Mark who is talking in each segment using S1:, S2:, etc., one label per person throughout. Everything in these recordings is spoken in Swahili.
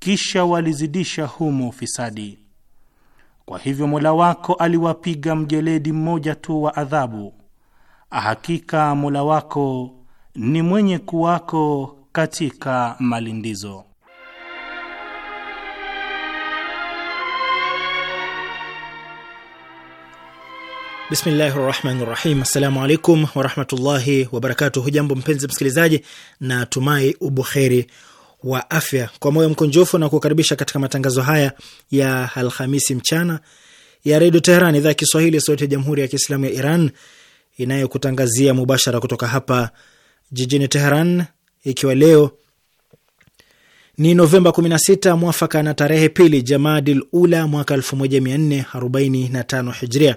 S1: kisha walizidisha humo ufisadi. Kwa hivyo Mola wako aliwapiga mjeledi mmoja tu wa adhabu. Hakika Mola wako ni mwenye kuwako katika malindizo. Bismillahi rahmani rahim. Assalamu
S2: alaikum warahmatullahi wabarakatuh. Hujambo mpenzi msikilizaji, na tumai ubuheri wa afya. Kwa moyo mkunjufu na kukaribisha katika matangazo haya ya Alhamisi mchana ya Redio Teheran, idhaa ya Kiswahili, sauti ya Jamhuri ya Kiislamu ya Iran inayokutangazia mubashara kutoka hapa jijini Teheran, ikiwa leo ni Novemba 16 mwafaka na tarehe pili Jamadil Ula mwaka 1445 Hijria.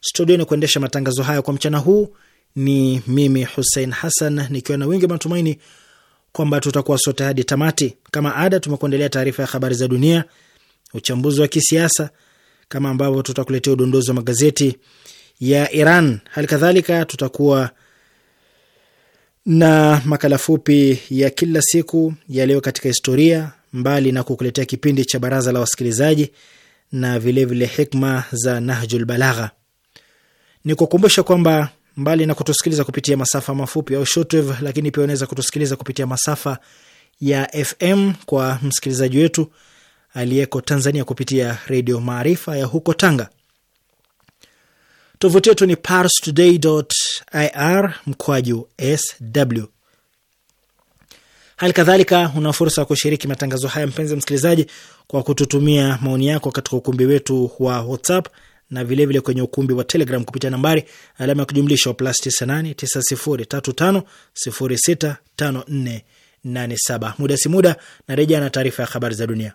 S2: Studioni kuendesha matangazo haya kwa mchana huu ni mimi Hussein Hassan, nikiwa na wingi matumaini kwamba tutakuwa sote hadi tamati. Kama ada, tumekuendelea taarifa ya habari za dunia, uchambuzi wa kisiasa, kama ambavyo tutakuletea udondozi wa magazeti ya Iran. Hali kadhalika tutakuwa na makala fupi ya kila siku ya leo katika historia, mbali na kukuletea kipindi cha baraza la wasikilizaji na vilevile vile hikma za Nahjul Balagha. kukumbusha kwamba mbali na kutusikiliza kupitia masafa mafupi au shortwave, lakini pia unaweza kutusikiliza kupitia masafa ya FM kwa msikilizaji wetu aliyeko Tanzania kupitia Redio Maarifa ya huko Tanga. Tovuti yetu ni parstoday.ir mkwaju sw. Hali kadhalika una fursa ya kushiriki matangazo haya, mpenzi msikilizaji, kwa kututumia maoni yako katika ukumbi wetu wa WhatsApp na vilevile vile kwenye ukumbi wa Telegram kupitia nambari alama ya kujumlisha plus 989035065487. Muda si muda na rejea na taarifa ya habari za dunia.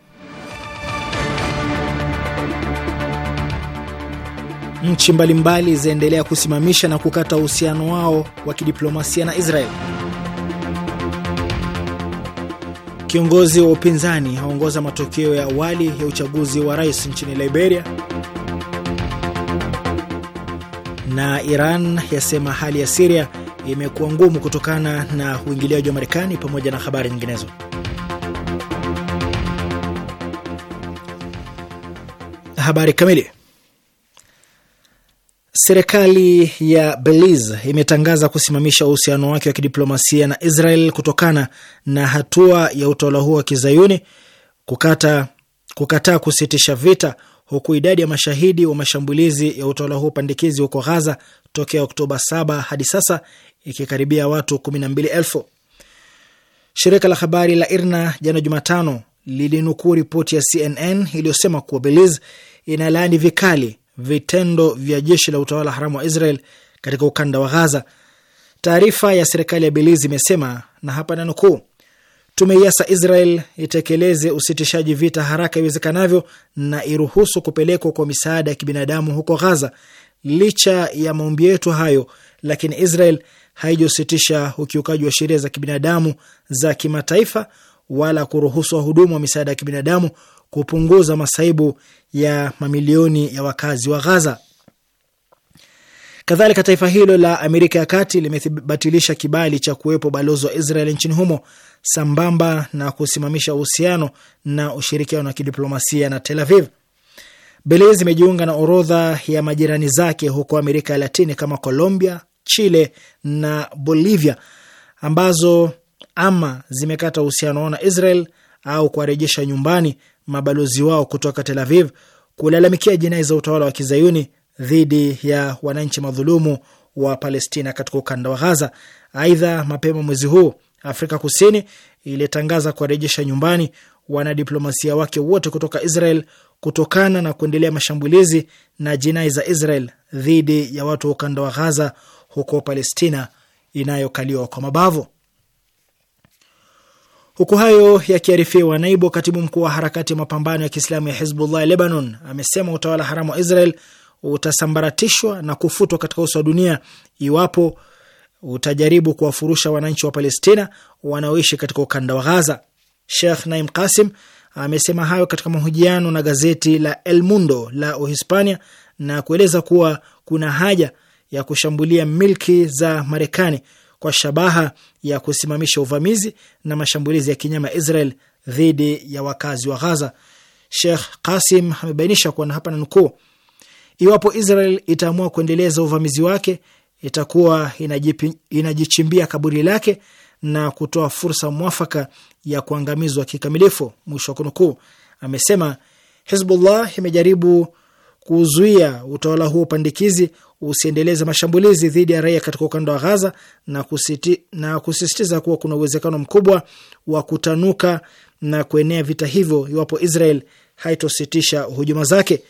S2: nchi mbalimbali zinaendelea kusimamisha na kukata uhusiano wao wa kidiplomasia na Israel. Kiongozi wa upinzani haongoza matokeo ya awali ya uchaguzi wa rais nchini Liberia, na Iran yasema hali ya Siria imekuwa ngumu kutokana na uingiliaji wa Marekani, pamoja na habari nyinginezo. Habari kamili Serikali ya Belize imetangaza kusimamisha uhusiano wake wa kidiplomasia na Israel kutokana na hatua ya utawala huo wa kizayuni kukata kukataa kusitisha vita, huku idadi ya mashahidi wa mashambulizi ya utawala huo pandikizi huko Ghaza tokea Oktoba 7 hadi sasa ikikaribia watu 12,000. Shirika la habari la IRNA jana Jumatano lilinukuu ripoti ya CNN iliyosema kuwa Belize inalaani vikali vitendo vya jeshi la utawala haramu wa Israel katika ukanda wa Ghaza. Taarifa ya serikali ya Belize imesema na hapa nanukuu, tumeiasa Israel itekeleze usitishaji vita haraka iwezekanavyo na iruhusu kupelekwa kwa misaada ya kibinadamu huko Ghaza. Licha ya maombi yetu hayo, lakini Israel haijositisha ukiukaji wa sheria za kibinadamu za kimataifa wala kuruhusu wahudumu wa misaada ya kibinadamu kupunguza masaibu ya mamilioni ya wakazi wa Gaza. Kadhalika, taifa hilo la Amerika ya Kati limebatilisha kibali cha kuwepo balozi wa Israel nchini humo sambamba na kusimamisha uhusiano na ushirikiano wa kidiplomasia na Tel Aviv. Belize imejiunga na orodha ya majirani zake huko Amerika ya Latini kama Colombia, Chile na Bolivia ambazo ama zimekata uhusiano na Israel au kuwarejesha nyumbani mabalozi wao kutoka Tel Aviv kulalamikia jinai za utawala wa kizayuni dhidi ya wananchi madhulumu wa Palestina katika ukanda wa Ghaza. Aidha, mapema mwezi huu Afrika Kusini ilitangaza kuwarejesha nyumbani wanadiplomasia wake wote kutoka Israel kutokana na kuendelea mashambulizi na jinai za Israel dhidi ya watu wa ukanda wa Ghaza huko Palestina inayokaliwa kwa mabavu. Huku hayo yakiarifiwa, naibu katibu mkuu wa harakati ya mapambano ya Kiislamu ya Hizbullah Lebanon amesema utawala haramu wa Israel utasambaratishwa na kufutwa katika uso wa dunia iwapo utajaribu kuwafurusha wananchi wa Palestina wanaoishi katika ukanda wa Ghaza. Sheikh Naim Kasim amesema hayo katika mahojiano na gazeti la El Mundo la Uhispania na kueleza kuwa kuna haja ya kushambulia milki za Marekani kwa shabaha ya kusimamisha uvamizi na mashambulizi ya kinyama Israel dhidi ya wakazi wa Ghaza. Sheikh Qasim amebainisha kuwa, na hapa iwapo Israel itaamua kuendeleza uvamizi wake itakuwa inajichimbia kaburi lake na kutoa fursa mwafaka ya kuangamizwa kikamilifu, mwisho wa kunukuu. Amesema Hizbullah imejaribu kuzuia utawala huo pandikizi usiendeleze mashambulizi dhidi ya raia katika ukanda wa Gaza na, kusiti, na kusisitiza kuwa kuna uwezekano mkubwa wa kutanuka na kuenea vita hivyo iwapo Israel haitositisha hujuma zake.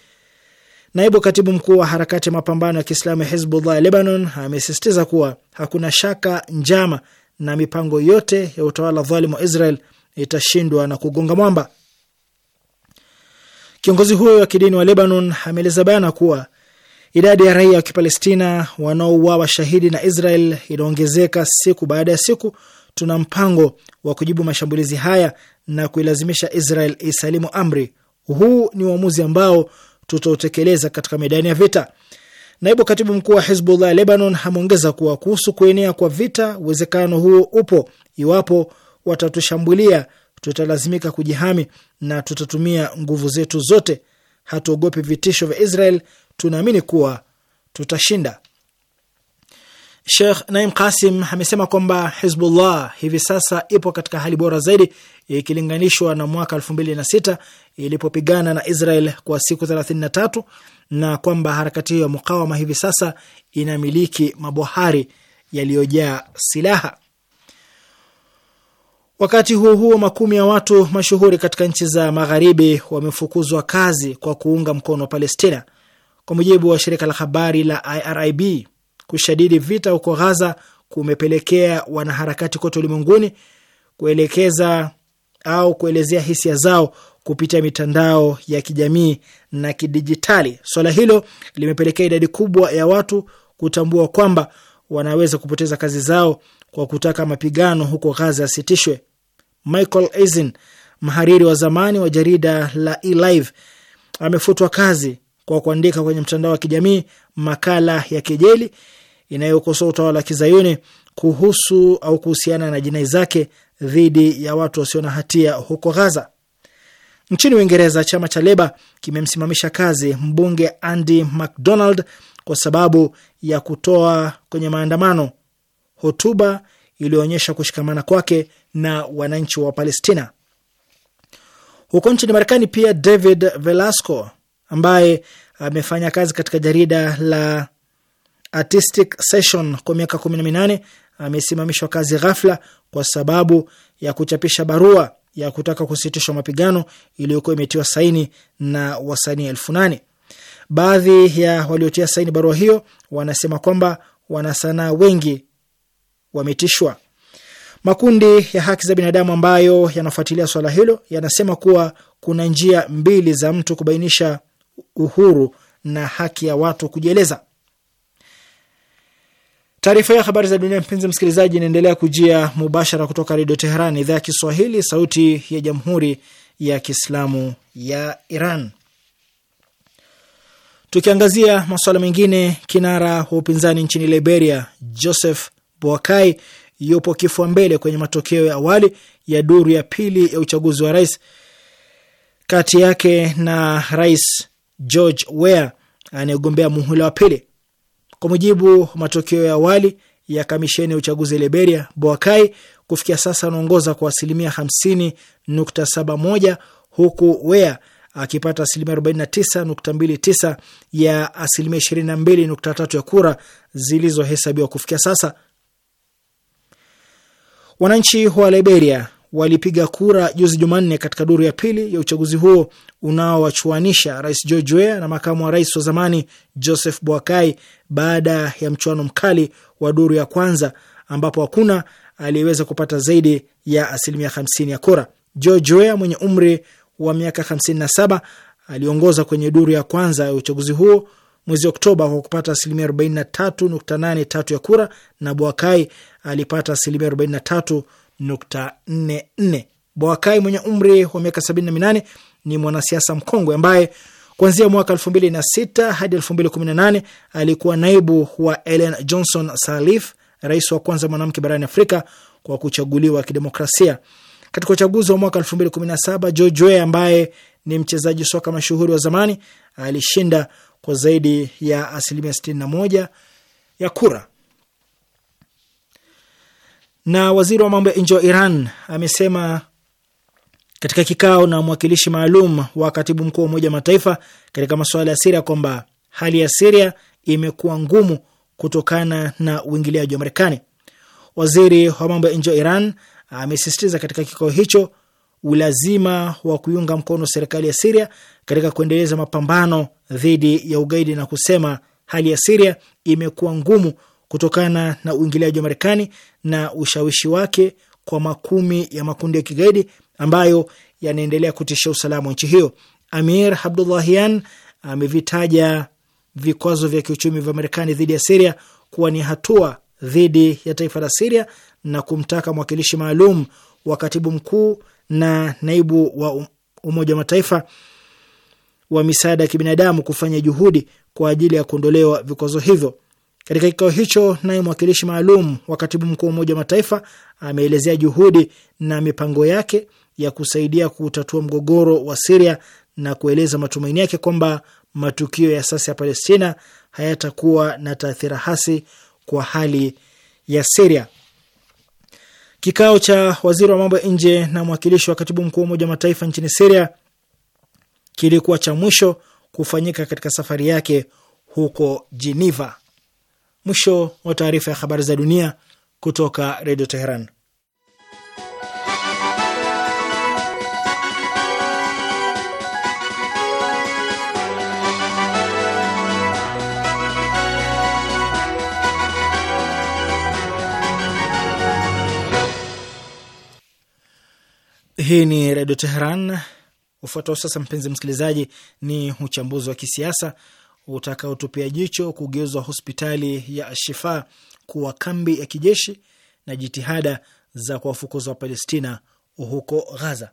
S2: Naibu katibu mkuu wa harakati ya mapambano ya Kiislamu ya Hizbullah ya Lebanon amesisitiza kuwa hakuna shaka njama na mipango yote ya utawala dhalimu wa Israel itashindwa na kugonga mwamba. Kiongozi huyo wa kidini wa Lebanon ameeleza bayana kuwa idadi ya raia wa Kipalestina wanaouawa shahidi na Israel inaongezeka siku baada ya siku. Tuna mpango wa kujibu mashambulizi haya na kuilazimisha Israel isalimu amri. Huu ni uamuzi ambao tutautekeleza katika medani ya vita. Naibu katibu mkuu wa Hizbullah ya Lebanon ameongeza kuwa kuhusu kuenea kwa vita, uwezekano huo upo iwapo watatushambulia tutalazimika kujihami na tutatumia nguvu zetu zote. Hatuogopi vitisho vya Israel, tunaamini kuwa tutashinda. Sheikh Naim Kasim amesema kwamba Hizbullah hivi sasa ipo katika hali bora zaidi ikilinganishwa na mwaka elfu mbili na sita ilipopigana na Israel kwa siku thelathini na tatu na kwamba harakati hiyo ya mukawama hivi sasa inamiliki mabohari yaliyojaa silaha. Wakati huo huo, makumi ya watu mashuhuri katika nchi za magharibi wamefukuzwa kazi kwa kuunga mkono Palestina. Kwa mujibu wa shirika la habari la IRIB, kushadidi vita huko Ghaza kumepelekea wanaharakati kote ulimwenguni kuelekeza au kuelezea hisia zao kupitia mitandao ya kijamii na kidijitali. Swala hilo limepelekea idadi kubwa ya watu kutambua kwamba wanaweza kupoteza kazi zao kwa kutaka mapigano huko Ghaza yasitishwe. Michael Eisen, mhariri wa zamani wa jarida la eLive, amefutwa kazi kwa kuandika kwenye mtandao wa kijamii makala ya kejeli inayokosoa utawala wa kizayuni kuhusu au kuhusiana na jinai zake dhidi ya watu wasio na hatia huko ghaza Nchini Uingereza, chama cha Leba kimemsimamisha kazi mbunge Andy MacDonald kwa sababu ya kutoa kwenye maandamano hotuba iliyoonyesha kushikamana kwake na wananchi wa Palestina. Huko nchini Marekani pia David Velasco ambaye amefanya kazi katika jarida la Artistic Session kwa miaka kumi na minane amesimamishwa kazi ghafla kwa sababu ya kuchapisha barua ya kutaka kusitishwa mapigano iliyokuwa imetiwa saini na wasanii elfu nane. Baadhi ya waliotia saini barua hiyo wanasema kwamba wanasanaa wengi wametishwa. Makundi ya haki za binadamu ambayo yanafuatilia swala hilo yanasema kuwa kuna njia mbili za mtu kubainisha uhuru na haki ya watu kujieleza. Taarifa ya habari za dunia, mpenzi msikilizaji, inaendelea kujia mubashara kutoka Redio Teheran, idhaa ya Kiswahili, sauti ya Jamhuri ya Kiislamu ya Iran. Tukiangazia masuala mengine, kinara wa upinzani nchini Liberia Joseph Boakai yupo kifua mbele kwenye matokeo ya awali ya duru ya pili ya uchaguzi wa rais kati yake na Rais George Weah anayegombea muhula wa pili. Kwa mujibu matokeo ya awali ya kamisheni ya uchaguzi Liberia, Boakai kufikia sasa anaongoza kwa asilimia 50.71 huku Weah akipata asilimia 49.29 ya asilimia 22.3 ya kura zilizohesabiwa kufikia sasa. Wananchi wa Liberia walipiga kura juzi Jumanne katika duru ya pili ya uchaguzi huo unaowachuanisha rais George Weah na makamu wa rais wa zamani Joseph Boakai baada ya mchuano mkali wa duru ya kwanza ambapo hakuna aliyeweza kupata zaidi ya asilimia 50 ya kura. George Weah mwenye umri wa miaka 57 aliongoza kwenye duru ya kwanza ya uchaguzi huo mwezi Oktoba kwa kupata asilimia 43.83 ya kura na Bwakai alipata asilimia 43.44. Bwakai mwenye umri wa miaka 78 ni mwanasiasa mkongwe ambaye kuanzia mwaka 2006 hadi 2018 alikuwa naibu wa Ellen Johnson Sirleaf, rais wa kwanza mwanamke barani Afrika kwa kuchaguliwa kidemokrasia. Katika uchaguzi wa mwaka 2017, George Weah ambaye ni mchezaji soka mashuhuri wa zamani alishinda kwa zaidi ya asilimia moja ya kura. Na waziri wa mambo ya nje wa Iran amesema katika kikao na mwakilishi maalum wa katibu mkuu wa Umoja wa Mataifa katika masuala ya Siria kwamba hali ya Siria imekuwa ngumu kutokana na uingiliaji wa Marekani. Waziri wa mambo ya nje wa Iran amesisitiza katika kikao hicho ulazima wa kuiunga mkono serikali ya Siria katika kuendeleza mapambano dhidi ya ugaidi na kusema hali ya Siria imekuwa ngumu kutokana na uingiliaji wa Marekani na ushawishi wake kwa makumi ya makundi ya kigaidi ambayo yanaendelea kutisha usalama wa nchi hiyo. Amir Abdullahian amevitaja vikwazo vya kiuchumi vya Marekani dhidi ya Siria kuwa ni hatua dhidi ya taifa la Siria na kumtaka mwakilishi maalum wa katibu mkuu na naibu wa um-, Umoja wa Mataifa wa misaada ya kibinadamu kufanya juhudi kwa ajili ya kuondolewa vikwazo hivyo. Katika kikao hicho, naye mwakilishi maalum wa katibu mkuu wa Umoja wa Mataifa ameelezea juhudi na mipango yake ya kusaidia kutatua mgogoro wa Siria na kueleza matumaini yake kwamba matukio ya sasa ya Palestina hayatakuwa na taathira hasi kwa hali ya Siria. Kikao cha waziri wa mambo ya nje na mwakilishi wa katibu mkuu wa Umoja wa Mataifa nchini Siria kilikuwa cha mwisho kufanyika katika safari yake huko Geneva. Mwisho wa taarifa ya habari za dunia kutoka Redio Teheran. Hii ni Redio Teheran. Ufuatao sasa, mpenzi msikilizaji, ni uchambuzi wa kisiasa utakaotupia jicho kugeuzwa hospitali ya Shifa kuwa kambi ya kijeshi na jitihada za kuwafukuza Wapalestina huko Ghaza.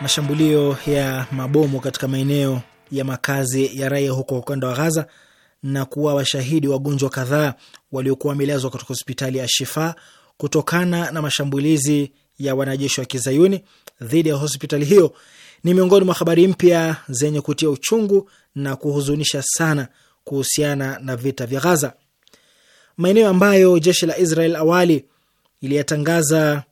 S2: Mashambulio ya mabomu katika maeneo ya makazi ya raia huko ukanda wa Gaza na kuwa washahidi wagonjwa kadhaa waliokuwa wamelazwa katika hospitali ya Shifa kutokana na mashambulizi ya wanajeshi wa kizayuni dhidi ya hospitali hiyo, ni miongoni mwa habari mpya zenye kutia uchungu na kuhuzunisha sana kuhusiana na vita vya Gaza. Maeneo ambayo jeshi la Israel awali iliyatangaza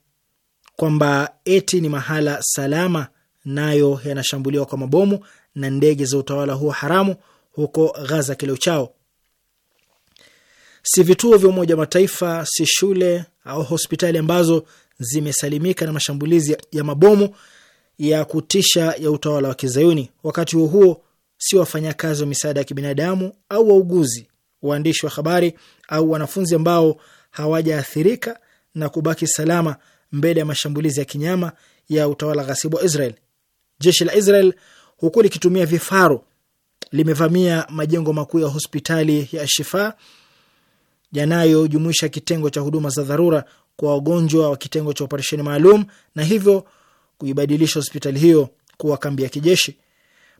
S2: kwamba eti ni mahala salama, nayo yanashambuliwa kwa mabomu na ndege za utawala huo haramu huko Ghaza kile uchao. Si vituo vya Umoja Mataifa, si shule au hospitali ambazo zimesalimika na mashambulizi ya mabomu ya kutisha ya utawala wa Kizayuni. Wakati huo huo, si wafanyakazi wa misaada ya kibinadamu au wauguzi, waandishi wa habari au wanafunzi ambao hawajaathirika na kubaki salama mbele ya mashambulizi ya kinyama ya utawala ghasibu wa Israel. Jeshi la Israel huku likitumia vifaru limevamia majengo makuu ya hospitali ya Shifa yanayojumuisha kitengo cha huduma za dharura kwa wagonjwa wa kitengo cha operesheni maalum na hivyo kuibadilisha hospitali hiyo kuwa kambi ya kijeshi.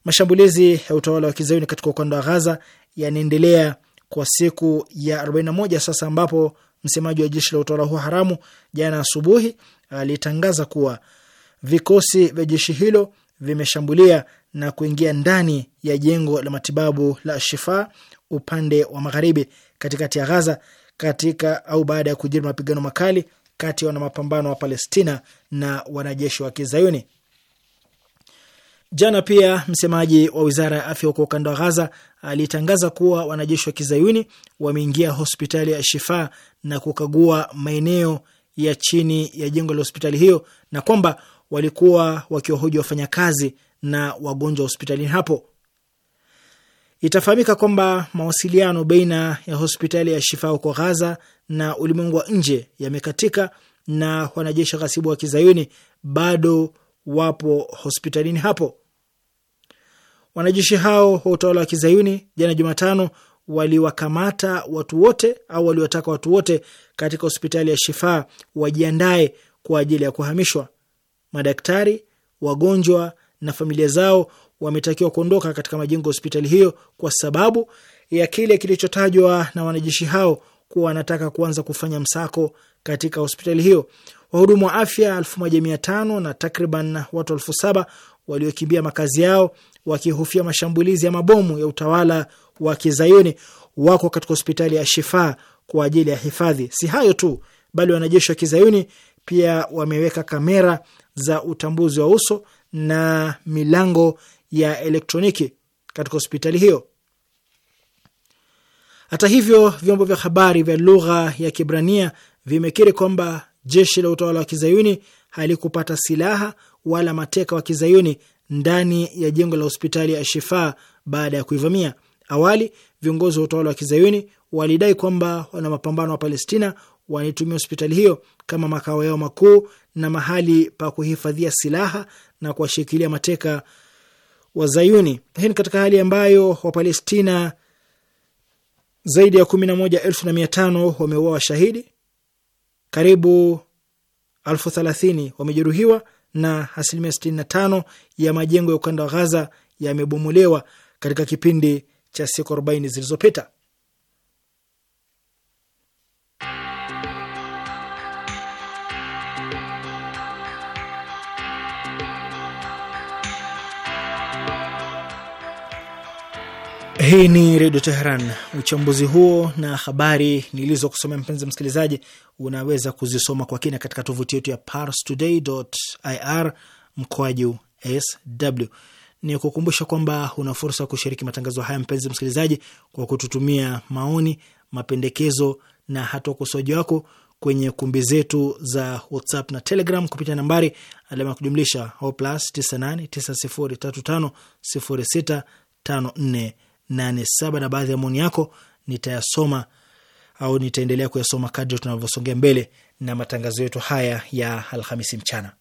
S2: Mashambulizi ya utawala wa kizayuni katika ukanda wa Ghaza yanaendelea kwa siku ya 41 sasa, ambapo msemaji wa jeshi la utawala huo haramu jana asubuhi alitangaza kuwa vikosi vya jeshi hilo vimeshambulia na kuingia ndani ya jengo la matibabu la Shifa upande wa magharibi katikati ya Gaza katika au baada ya kujiri mapigano makali kati ya mapambano wa Palestina na wanajeshi wa Kizayuni. Jana pia msemaji wa wizara ya afya huko ukanda wa Ghaza alitangaza kuwa wanajeshi wa Kizayuni wameingia hospitali ya Shifa na kukagua maeneo ya chini ya jengo la hospitali hiyo na kwamba walikuwa wakiwahoji wafanyakazi na wagonjwa hospitalini hapo. Itafahamika kwamba mawasiliano baina ya hospitali ya Shifa huko Ghaza na ulimwengu wa nje yamekatika na wanajeshi ghasibu wa kizayuni bado wapo hospitalini hapo. Wanajeshi hao wa utawala wa kizayuni jana Jumatano waliwakamata watu wote au waliwataka watu wote katika hospitali ya Shifa wajiandae kwa ajili ya kuhamishwa. Madaktari, wagonjwa na familia zao wametakiwa kuondoka katika majengo ya hospitali hiyo kwa sababu ya kile kilichotajwa na wanajeshi hao kuwa wanataka kuanza kufanya msako katika hospitali hiyo. Wahudumu wa afya 1500 na takriban watu 7000 waliokimbia makazi yao wakihofia mashambulizi ya mabomu ya utawala wa kizayuni wako katika hospitali ya Shifa kwa ajili ya hifadhi. Si hayo tu, bali wanajeshi wa kizayuni pia wameweka kamera za utambuzi wa uso na milango ya elektroniki katika hospitali hiyo. Hata hivyo, vyombo vya habari vya lugha ya Kibrania vimekiri kwamba jeshi la utawala wa kizayuni halikupata silaha wala mateka wa kizayuni ndani ya jengo la hospitali ya Shifa baada ya kuivamia. Awali viongozi wa utawala wa kizayuni walidai kwamba wana mapambano wa Palestina wanaitumia hospitali hiyo kama makao yao makuu na mahali pa kuhifadhia silaha na kuwashikilia mateka Wazayuni. Hii ni katika hali ambayo Wapalestina zaidi ya kumi na moja elfu na mia tano wameua washahidi karibu elfu thelathini wamejeruhiwa na asilimia sitini na tano ya majengo ya ukanda wa Ghaza yamebomolewa katika kipindi cha siku arobaini zilizopita. Hii ni Redio Teheran. Uchambuzi huo na habari nilizokusomea, mpenzi msikilizaji, unaweza kuzisoma kwa kina katika tovuti yetu ya parstoday.ir mkoaju sw. Ni kukumbusha kwamba una fursa ya kushiriki matangazo haya, mpenzi msikilizaji, kwa kututumia maoni, mapendekezo na hata ukosoaji wako kwenye kumbi zetu za WhatsApp na Telegram kupitia nambari alama ya kujumlisha o plus 87 na baadhi ya maoni yako nitayasoma au nitaendelea kuyasoma kadri tunavyosongea mbele na matangazo yetu haya ya Alhamisi mchana.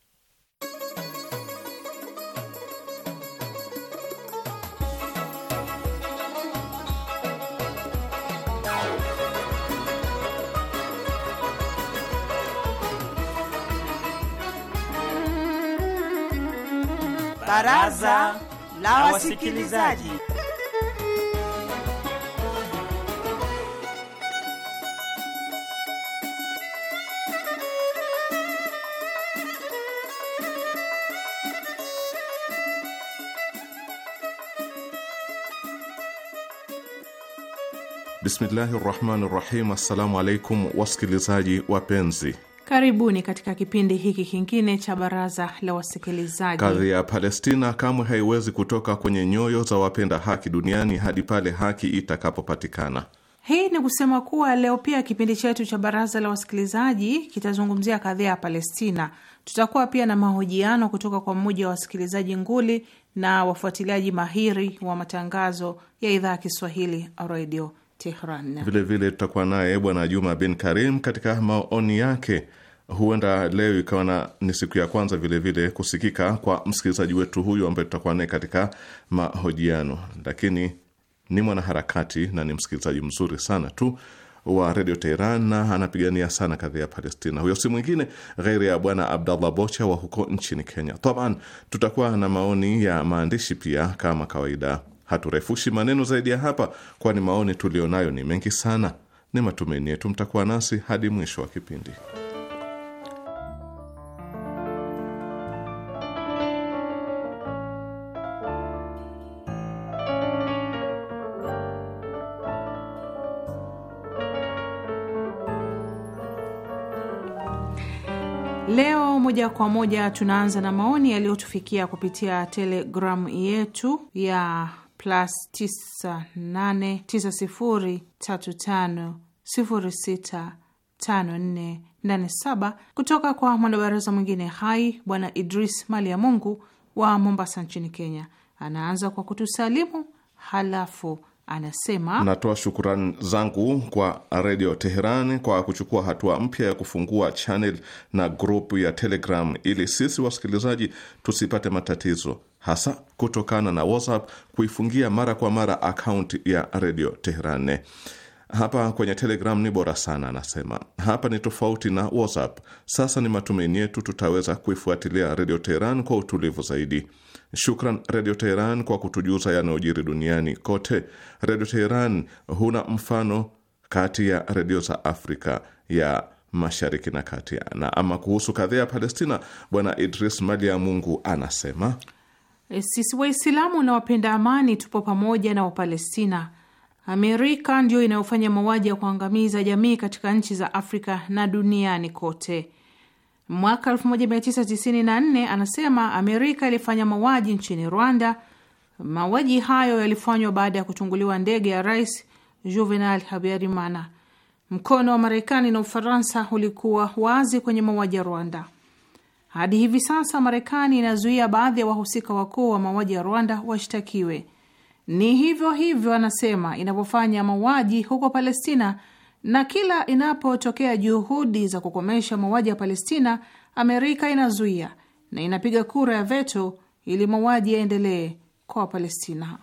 S3: Baraza la Wasikilizaji.
S4: Bismillahi rahmani rahim. Assalamu alaikum wasikilizaji wapenzi,
S3: karibuni katika kipindi hiki kingine cha baraza la wasikilizaji. Kadhi
S4: ya Palestina kamwe haiwezi kutoka kwenye nyoyo za wapenda haki duniani hadi pale haki itakapopatikana.
S3: Hii ni kusema kuwa leo pia kipindi chetu cha baraza la wasikilizaji kitazungumzia kadhia ya Palestina. Tutakuwa pia na mahojiano kutoka kwa mmoja wa wasikilizaji nguli na wafuatiliaji mahiri wa matangazo ya idhaa ya Kiswahili Radio Tehran.
S4: Vilevile tutakuwa naye Bwana Juma bin Karim katika maoni yake. Huenda leo ikawa na ni siku ya kwanza vilevile vile kusikika kwa msikilizaji wetu huyu ambaye tutakuwa naye katika mahojiano, lakini ni mwanaharakati na ni msikilizaji mzuri sana tu wa redio Teheran na anapigania sana kadhi ya Palestina. Huyo si mwingine ghairi ya bwana Abdallah Bocha wa huko nchini Kenya. Taban, tutakuwa na maoni ya maandishi pia kama kawaida. Haturefushi maneno zaidi ya hapa, kwani maoni tuliyonayo ni mengi sana. Ni matumaini yetu mtakuwa nasi hadi mwisho wa kipindi.
S3: Leo moja kwa moja tunaanza na maoni yaliyotufikia kupitia telegramu yetu ya plus 989035065487 kutoka kwa mwanabaraza mwingine hai Bwana Idris Mali ya Mungu wa Mombasa nchini Kenya. Anaanza kwa kutusalimu halafu anasema
S4: natoa shukurani zangu kwa Redio Teheran kwa kuchukua hatua mpya ya kufungua channel na grupu ya Telegram ili sisi wasikilizaji tusipate matatizo hasa kutokana na WhatsApp kuifungia mara kwa mara akaunti ya redio Teheran. Hapa kwenye Telegram ni bora sana, anasema hapa ni tofauti na WhatsApp. Sasa ni matumaini yetu tutaweza kuifuatilia redio Teheran kwa utulivu zaidi. Shukran redio Teheran kwa kutujuza yanayojiri duniani kote. Redio Teheran huna mfano kati ya redio za Afrika ya mashariki na kati. Na ama kuhusu kadhia ya Palestina, Bwana Idris Mali ya Mungu anasema
S3: E, sisi Waislamu na wapenda amani tupo pamoja na Wapalestina. Amerika ndiyo inayofanya mauaji ya kuangamiza jamii katika nchi za Afrika na duniani kote. Mwaka 1994 anasema Amerika ilifanya mauaji nchini Rwanda. Mauaji hayo yalifanywa baada ya kutunguliwa ndege ya Rais Juvenal Habyarimana. Mkono wa Marekani na Ufaransa ulikuwa wazi kwenye mauaji ya Rwanda. Hadi hivi sasa Marekani inazuia baadhi ya wahusika wakuu wa mauaji ya Rwanda washtakiwe. Ni hivyo hivyo, anasema, inavyofanya mauaji huko Palestina, na kila inapotokea juhudi za kukomesha mauaji ya Palestina, Amerika inazuia na inapiga kura ya veto ili mauaji yaendelee kwa Wapalestina.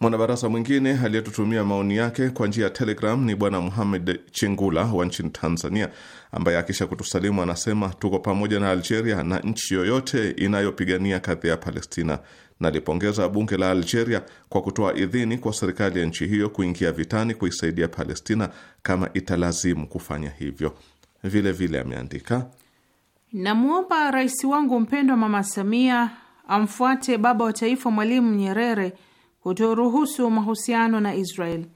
S4: Mwanabarasa mwingine aliyetutumia maoni yake kwa njia ya Telegram ni Bwana Muhamed Chingula wa nchini Tanzania ambaye akisha kutusalimu anasema tuko pamoja na Algeria na nchi yoyote inayopigania kadhi ya Palestina. Nalipongeza bunge la Algeria kwa kutoa idhini kwa serikali ya nchi hiyo kuingia vitani kuisaidia Palestina kama italazimu kufanya hivyo. Vile vile ameandika,
S3: namwomba rais wangu mpendwa Mama Samia amfuate baba wa taifa Mwalimu Nyerere kutoruhusu mahusiano na Israeli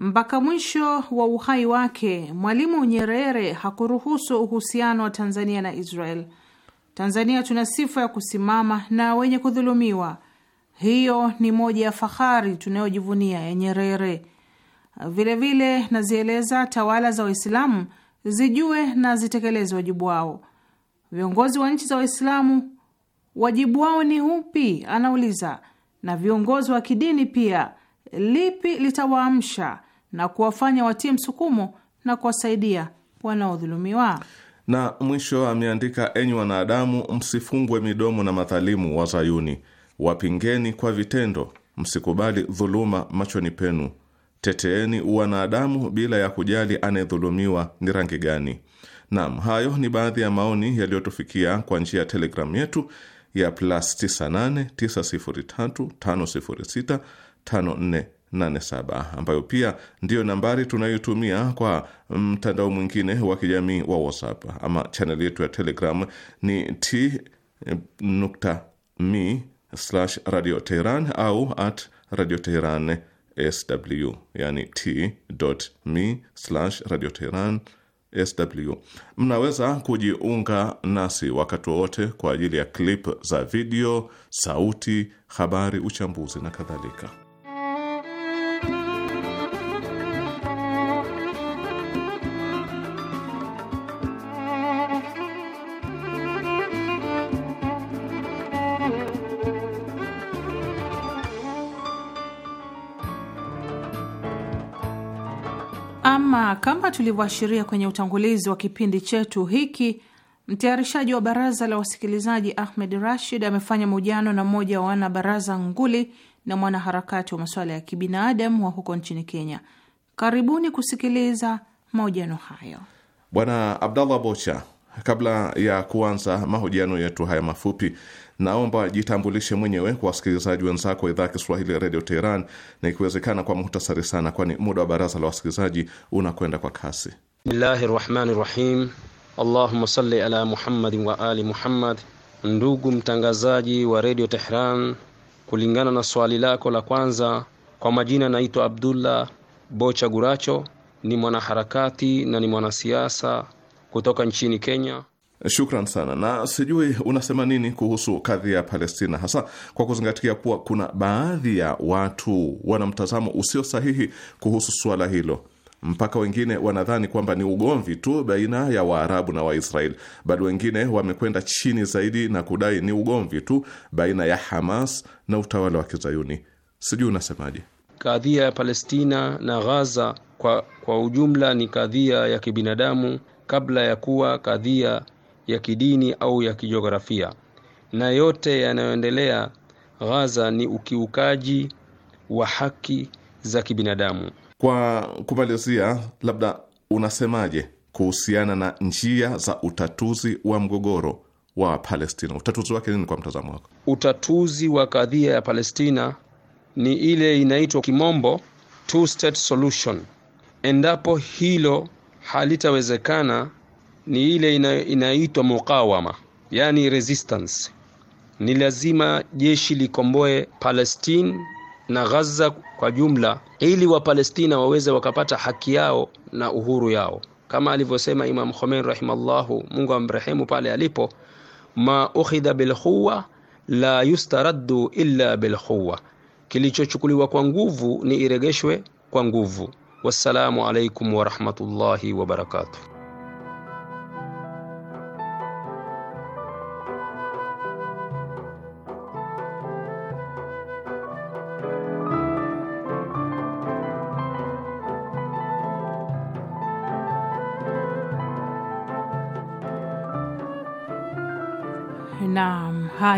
S3: mpaka mwisho wa uhai wake Mwalimu Nyerere hakuruhusu uhusiano wa Tanzania na Israel. Tanzania tuna sifa ya kusimama na wenye kudhulumiwa. Hiyo ni moja ya fahari tunayojivunia ya Nyerere. Vilevile nazieleza tawala za Waislamu zijue na zitekeleze wajibu wao. Viongozi wa nchi za Waislamu wajibu wao ni upi? Anauliza, na viongozi wa kidini pia, lipi litawaamsha na kuwafanya watie msukumo na kuwasaidia wanaodhulumiwa.
S4: Na mwisho ameandika, enyi wanadamu, msifungwe midomo na madhalimu wa Zayuni, wapingeni kwa vitendo, msikubali dhuluma machoni penu, teteeni wanadamu bila ya kujali anayedhulumiwa ni rangi gani. Naam, hayo ni baadhi ya maoni yaliyotufikia kwa njia ya telegramu yetu ya plus 98 903 506 54 87 ambayo pia ndiyo nambari tunayotumia kwa mtandao mwingine wa kijamii wa WhatsApp ama chaneli yetu ya Telegram ni t radio Teheran au at radio Teheran sw, yani t radio Teheran sw. Mnaweza kujiunga nasi wakati wowote kwa ajili ya klip za video, sauti, habari, uchambuzi na kadhalika.
S3: Ama kama tulivyoashiria kwenye utangulizi wa kipindi chetu hiki, mtayarishaji wa baraza la wasikilizaji Ahmed Rashid amefanya mahojiano na mmoja wa wana baraza nguli na mwanaharakati wa masuala ya kibinadamu wa huko nchini Kenya. Karibuni kusikiliza mahojiano hayo.
S4: Bwana Abdallah Bocha, kabla ya kuanza mahojiano yetu haya mafupi naomba jitambulishe mwenyewe kwa wasikilizaji wenzako wa idhaa ya Kiswahili ya Redio Teheran, na ikiwezekana kwa muhtasari sana, kwani muda wa baraza la wasikilizaji unakwenda kwa kasi.
S5: Bismillahi rahmani rahim. salli ala Muhammadin wa ali Muhammad. Ndugu mtangazaji wa Redio Teheran, kulingana na swali lako la kwanza, kwa majina naitwa Abdullah Bocha Guracho, ni mwanaharakati na ni
S4: mwanasiasa kutoka nchini Kenya. Shukran sana, na sijui unasema nini kuhusu kadhi ya Palestina, hasa kwa kuzingatia kuwa kuna baadhi ya watu wana mtazamo usio sahihi kuhusu suala hilo, mpaka wengine wanadhani kwamba ni ugomvi tu baina ya Waarabu na waisrael bali wengine wamekwenda chini zaidi na kudai ni ugomvi tu baina ya Hamas na utawala wa Kizayuni. Sijui unasemaje?
S5: Kadhia ya Palestina na Gaza kwa, kwa ujumla ni kadhia ya kibinadamu kabla ya kuwa kadhia ya kidini au ya kijiografia na yote yanayoendelea Gaza ni ukiukaji wa haki
S4: za kibinadamu. Kwa kumalizia, labda unasemaje kuhusiana na njia za utatuzi wa mgogoro wa Palestina? Utatuzi wake nini kwa mtazamo wako?
S5: Utatuzi wa kadhia ya Palestina ni ile inaitwa kimombo two state solution. Endapo hilo halitawezekana, ni ile inaitwa muqawama, yani resistance. Ni lazima jeshi likomboe Palestine na Gaza kwa jumla, ili Wapalestina waweze wakapata haki yao na uhuru yao, kama alivyosema Imam Khomeini rahimallahu, Mungu amrehemu, pale alipo ma ukhidha bilquwa la yustaraddu illa bilquwa, kilichochukuliwa kwa nguvu ni iregeshwe kwa nguvu. Wassalamu alaikum warahmatullahi wabarakatuh.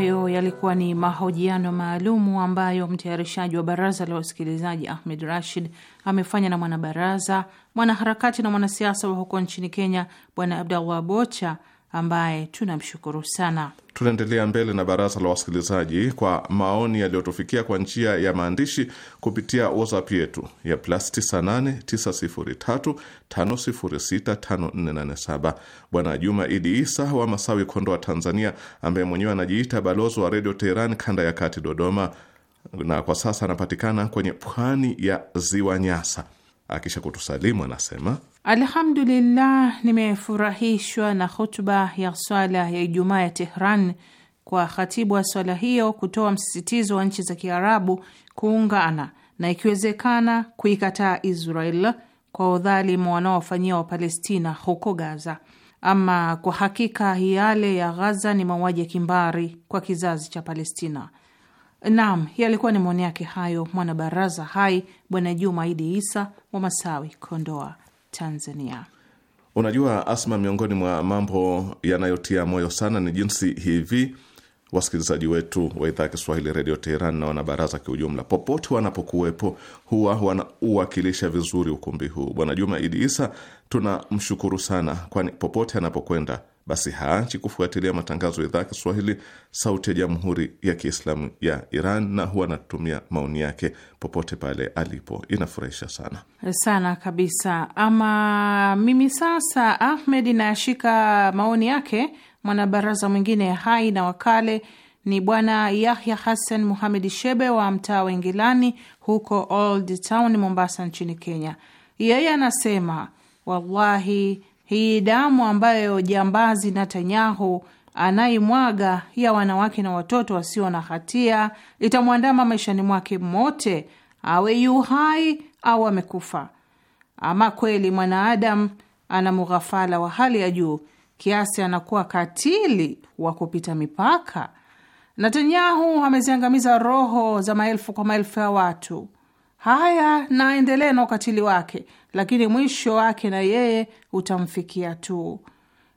S3: Hayo yalikuwa ni mahojiano maalumu ambayo mtayarishaji wa baraza la wasikilizaji Ahmed Rashid amefanya na mwanabaraza, mwanaharakati na mwanasiasa wa huko nchini Kenya, Bwana Abdallah Bocha ambaye tunamshukuru sana.
S4: Tunaendelea mbele na baraza la wasikilizaji kwa maoni yaliyotufikia kwa njia ya maandishi kupitia WhatsApp yetu ya plus 989035065487. Bwana Juma Idi Isa wa Masawi, Kondoa, Tanzania, ambaye mwenyewe anajiita balozi wa Redio Teheran kanda ya kati Dodoma, na kwa sasa anapatikana kwenye pwani ya Ziwa Nyasa Akisha ah, kutusalimu anasema
S3: alhamdulillah, nimefurahishwa na hotuba ya swala ya Ijumaa ya Tehran kwa khatibu wa swala hiyo kutoa msisitizo wa nchi za Kiarabu kuungana na ikiwezekana kuikataa Israel kwa udhalimu wanaofanyia Wapalestina huko Gaza. Ama kwa hakika yale ya Ghaza ni mauaji ya kimbari kwa kizazi cha Palestina. Naam, yalikuwa ni maoni yake hayo mwanabaraza hai Bwana Juma Idi Isa wa Masawi, Kondoa, Tanzania.
S4: Unajua Asma, miongoni mwa mambo yanayotia moyo sana ni jinsi hivi wasikilizaji wetu wa idhaa ya Kiswahili Redio Teheran na wanabaraza kiujumla, popote wanapokuwepo, huwa wanauwakilisha vizuri ukumbi huu. Bwana Juma Idi Isa tunamshukuru sana, kwani popote anapokwenda basi haachi kufuatilia matangazo ya idhaa Kiswahili sauti ya jamhuri ya Kiislamu ya Iran na huwa anatumia maoni yake popote pale alipo. Inafurahisha sana
S3: sana kabisa. Ama mimi sasa, Ahmed, nayashika maoni yake mwanabaraza mwingine hai na wakale ni Bwana Yahya Hassan Muhamed Shebe wa mtaa wa Ingilani huko Old Town, Mombasa nchini Kenya. Yeye anasema wallahi hii damu ambayo jambazi Netanyahu anaimwaga ya wanawake na watoto wasio na hatia itamwandama maishani mwake mote, awe yu hai au amekufa. Ama kweli mwanaadamu ana mughafala wa hali ya juu kiasi anakuwa katili wa kupita mipaka. Netanyahu ameziangamiza roho za maelfu kwa maelfu ya watu. Haya, na aendelee na ukatili wake, lakini mwisho wake na yeye utamfikia tu.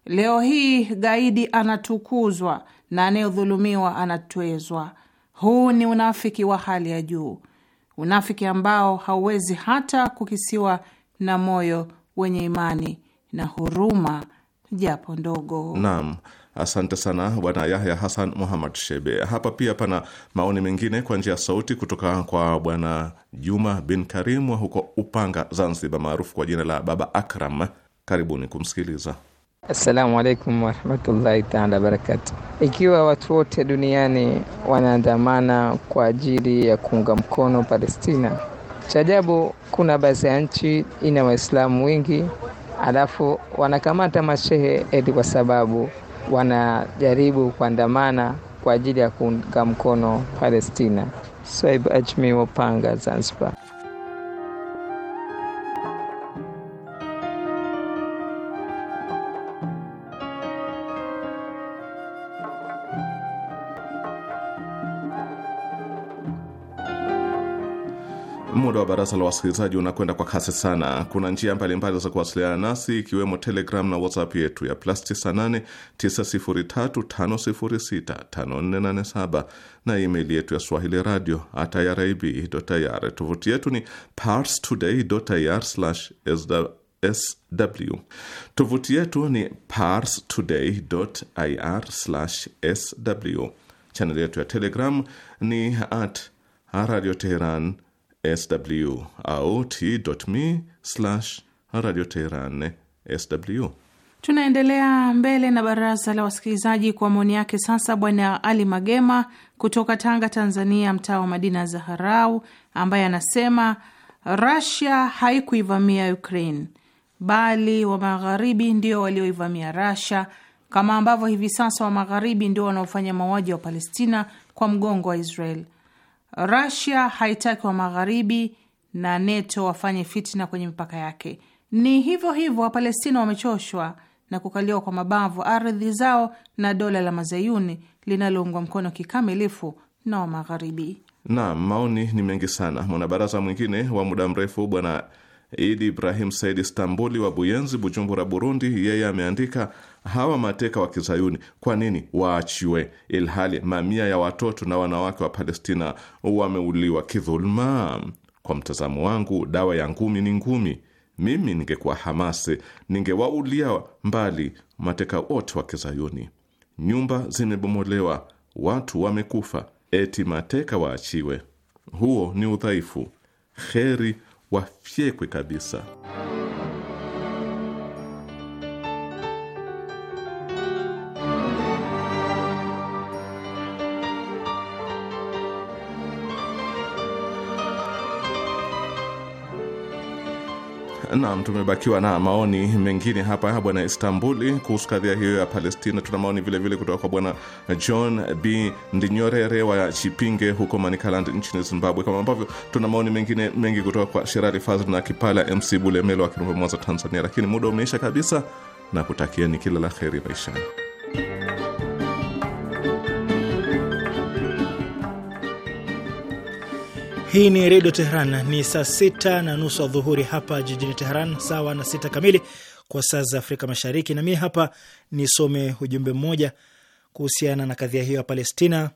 S3: Leo hii gaidi anatukuzwa na anayedhulumiwa anatwezwa. Huu ni unafiki wa hali ya juu, unafiki ambao hauwezi hata kukisiwa na moyo wenye imani na huruma japo ndogo.
S4: Naam. Asante sana Bwana Yahya Hasan Muhamad Shebe. Hapa pia pana maoni mengine kwa njia sauti kutoka kwa Bwana Juma bin Karim wa huko Upanga, Zanzibar, maarufu kwa jina la Baba Akram. Karibuni kumsikiliza.
S5: Assalamu alaikum warahmatullahi taala wabarakatu. Ikiwa watu wote duniani wanaandamana kwa ajili ya kuunga mkono Palestina, cha ajabu kuna baadhi ya nchi ina Waislamu wengi alafu wanakamata mashehe eti kwa sababu wanajaribu kuandamana kwa ajili ya kuunga mkono Palestina. Swaib Ajmi Wapanga, Zanzibar.
S4: baraza la wasikilizaji unakwenda kwa kasi sana. Kuna njia mbalimbali za kuwasiliana nasi ikiwemo Telegram na WhatsApp yetu ya plus 989035065487 na email yetu ya swahili radio at irib.ir. Tovuti yetu ni parstoday.ir/sw. Tovuti yetu ni parstoday.ir/sw. Chaneli yetu ya Telegram ni at Radio Teheran sw au t.me radio Teheran sw.
S3: Tunaendelea mbele na baraza la wasikilizaji kwa maoni yake. Sasa Bwana Ali Magema kutoka Tanga, Tanzania, mtaa wa Madina Zaharau, ambaye anasema Rasia haikuivamia Ukraine bali wa magharibi ndio walioivamia Rasia, kama ambavyo hivi sasa wa magharibi ndio wanaofanya mauaji wa Palestina kwa mgongo wa Israel. Rasia haitaki wa magharibi na NATO wafanye fitina kwenye mipaka yake. Ni hivyo hivyo, Wapalestina wamechoshwa na kukaliwa kwa mabavu ardhi zao na dola la mazayuni linaloungwa mkono kikamilifu na wa magharibi.
S4: Naam, maoni ni mengi sana. Mwanabaraza mwingine wa muda mrefu Bwana Idi Ibrahim Said Istanbuli wa Buyenzi, Bujumbura, Burundi, yeye ameandika hawa mateka wa kizayuni kwa nini waachiwe, ilhali mamia ya watoto na wanawake wa Palestina wameuliwa kidhuluma? Kwa mtazamo wangu, dawa ya ngumi ni ngumi. Mimi ningekuwa Hamasi, ningewaulia mbali mateka wote wa kizayuni. Nyumba zimebomolewa, watu wamekufa, eti mateka waachiwe. Huo ni udhaifu. Kheri wafyekwe kabisa. Naam, tumebakiwa na maoni mengine hapa. Bwana Istambuli kuhusu kadhia hiyo ya Palestina, tuna maoni vilevile kutoka kwa bwana John B Ndinyorere wa Chipinge huko Manikaland nchini Zimbabwe, kama ambavyo tuna maoni mengine mengi kutoka kwa Sherali Fazl na Kipala MC Bulemelo wa Kirumba, Mwanza, Tanzania. Lakini muda umeisha kabisa na kutakieni kila la kheri maishani.
S2: Hii ni Redio Teheran. Ni saa sita na nusu adhuhuri hapa jijini Teheran, sawa na sita kamili kwa saa za Afrika Mashariki. Na mi hapa nisome ujumbe mmoja kuhusiana na kadhia hiyo ya Palestina.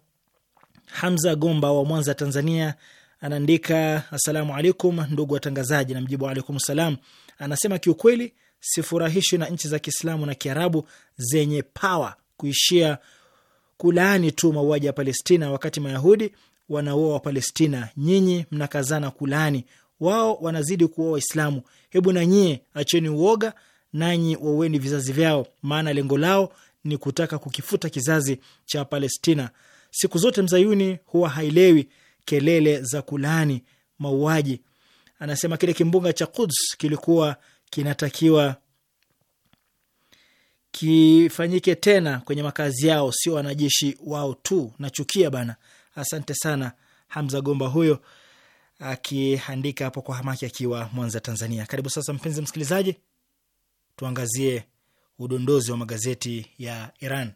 S2: Hamza Gomba wa Mwanza, Tanzania, anaandika assalamu alaikum, ndugu watangazaji, na mjibu alaikum salam. Anasema kiukweli sifurahishwi na nchi za Kiislamu na Kiarabu zenye pawa kuishia kulaani tu mauaji ya Palestina, wakati Mayahudi wanaua Wapalestina, nyinyi mnakazana kulaani, wao wanazidi kuua Waislamu. Hebu na nyie acheni uoga, nanyi waueni vizazi vyao, maana lengo lao ni kutaka kukifuta kizazi cha Palestina. Siku zote mzayuni huwa hailewi kelele za kulaani mauaji. Anasema kile kimbunga cha Quds kilikuwa kinatakiwa kifanyike tena kwenye makazi yao, sio wanajeshi wao tu. Nachukia bana. Asante sana Hamza Gomba huyo akiandika hapo kwa hamaki akiwa Mwanza, Tanzania. Karibu sasa, mpenzi msikilizaji, tuangazie udondozi wa magazeti ya Iran.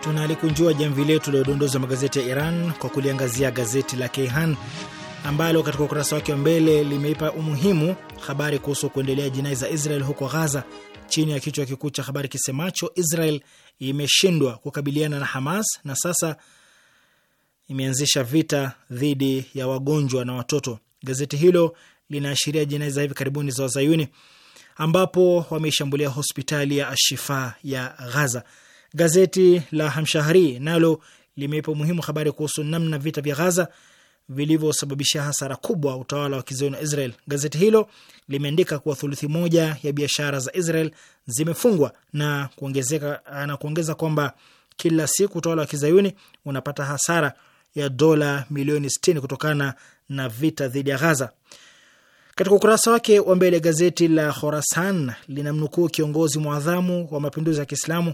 S2: Tunalikunjua jamvi letu la udondozi wa magazeti ya Iran kwa kuliangazia gazeti la kehan ambalo katika ukurasa wake wa mbele limeipa umuhimu habari kuhusu kuendelea jinai za Israel huko Ghaza chini ya kichwa kikuu cha habari kisemacho Israel imeshindwa kukabiliana na Hamas na sasa imeanzisha vita dhidi ya wagonjwa na watoto. Gazeti hilo linaashiria jinai za hivi karibuni za Wazayuni ambapo wameishambulia hospitali ya Ashifa ya Ghaza. Gazeti la Hamshahari nalo limeipa umuhimu habari kuhusu namna vita vya Ghaza vilivyosababisha hasara kubwa utawala wa kizayuni wa Israel. Gazeti hilo limeandika kuwa thuluthi moja ya biashara za Israel zimefungwa na kuongezeka, na kuongeza kwamba kila siku utawala wa kizayuni unapata hasara ya dola milioni 60 kutokana na vita dhidi ya Ghaza. Katika ukurasa wake wa mbele gazeti la Khorasan linamnukuu kiongozi mwadhamu wa mapinduzi ya Kiislamu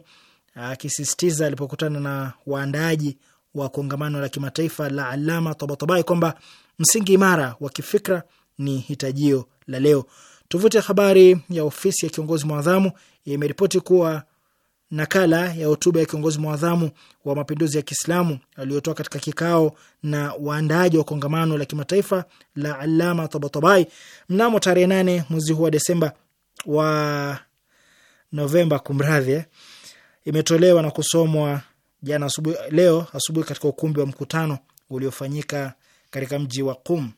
S2: akisisitiza alipokutana na waandaaji wa kongamano la kimataifa la Alama Tabatabai kwamba msingi imara wa kifikra ni hitajio la leo. Tovuti ya habari ya ofisi ya kiongozi mwadhamu imeripoti kuwa nakala ya hotuba ya kiongozi mwadhamu wa mapinduzi ya Kiislamu aliyotoa katika kikao na waandaaji wa kongamano la kimataifa la Alama Tabatabai mnamo tarehe nane mwezi huu wa Desemba wa Novemba, kumradhi, eh, imetolewa na kusomwa jana asubuhi, leo asubuhi katika ukumbi wa mkutano uliofanyika katika mji wa Qum.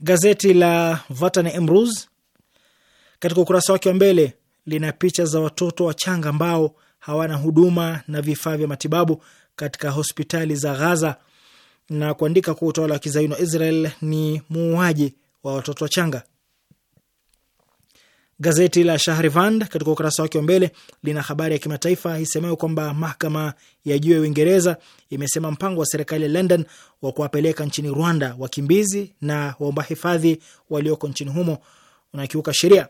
S2: Gazeti la Vatan Emruz katika ukurasa wake wa mbele lina picha za watoto wachanga ambao hawana huduma na vifaa vya matibabu katika hospitali za Ghaza na kuandika kuwa utawala wa kizayuni wa Israel ni muuaji wa watoto wachanga. Gazeti la Shahrivand katika ukurasa wake wa mbele lina habari ya kimataifa isemayo kwamba mahakama ya juu ya Uingereza imesema mpango wa serikali ya London wa kuwapeleka nchini Rwanda wakimbizi na waomba hifadhi walioko nchini humo unakiuka sheria.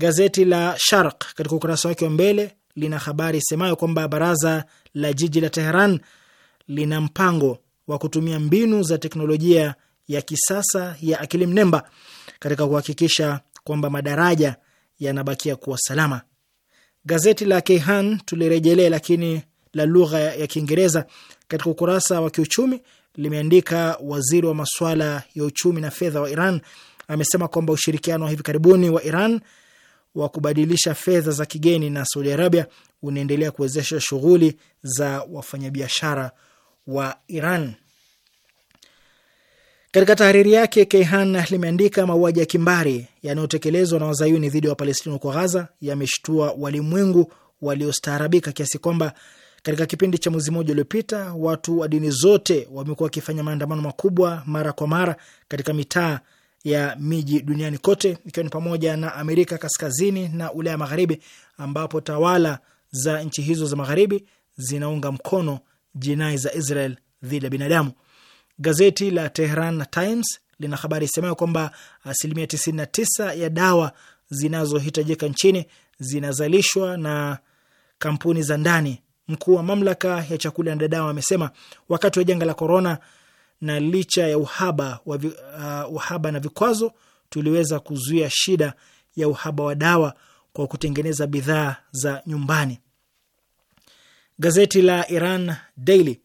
S2: Gazeti la Sharq katika ukurasa wake wa mbele lina habari isemayo kwamba baraza la jiji la Teheran lina mpango wa kutumia mbinu za teknolojia ya kisasa ya akili mnemba katika kuhakikisha kwamba madaraja yanabakia kuwa salama. Gazeti la kehan tulirejelea, lakini la lugha ya Kiingereza katika ukurasa wa kiuchumi limeandika, waziri wa masuala ya uchumi na fedha wa Iran amesema kwamba ushirikiano wa hivi karibuni wa Iran wa kubadilisha fedha za kigeni na Saudi Arabia unaendelea kuwezesha shughuli za wafanyabiashara wa Iran. Katika tahariri yake, Kehan limeandika mauaji ya kimbari yanayotekelezwa na wazayuni dhidi ya Wapalestina huko Ghaza yameshtua walimwengu waliostaarabika kiasi kwamba katika kipindi cha mwezi mmoja uliopita watu wa dini zote wamekuwa wakifanya maandamano makubwa mara kwa mara katika mitaa ya miji duniani kote ikiwa ni pamoja na Amerika Kaskazini na Ulaya Magharibi, ambapo tawala za nchi hizo za magharibi zinaunga mkono jinai za Israel dhidi ya binadamu. Gazeti la Tehran Times lina habari isemayo kwamba asilimia 99 ya dawa zinazohitajika nchini zinazalishwa na kampuni za ndani. Mkuu wa mamlaka ya chakula na dawa amesema wakati wa janga la korona na licha ya uhaba, wa, uh, uhaba na vikwazo tuliweza kuzuia shida ya uhaba wa dawa kwa kutengeneza bidhaa za nyumbani. Gazeti la Iran Daily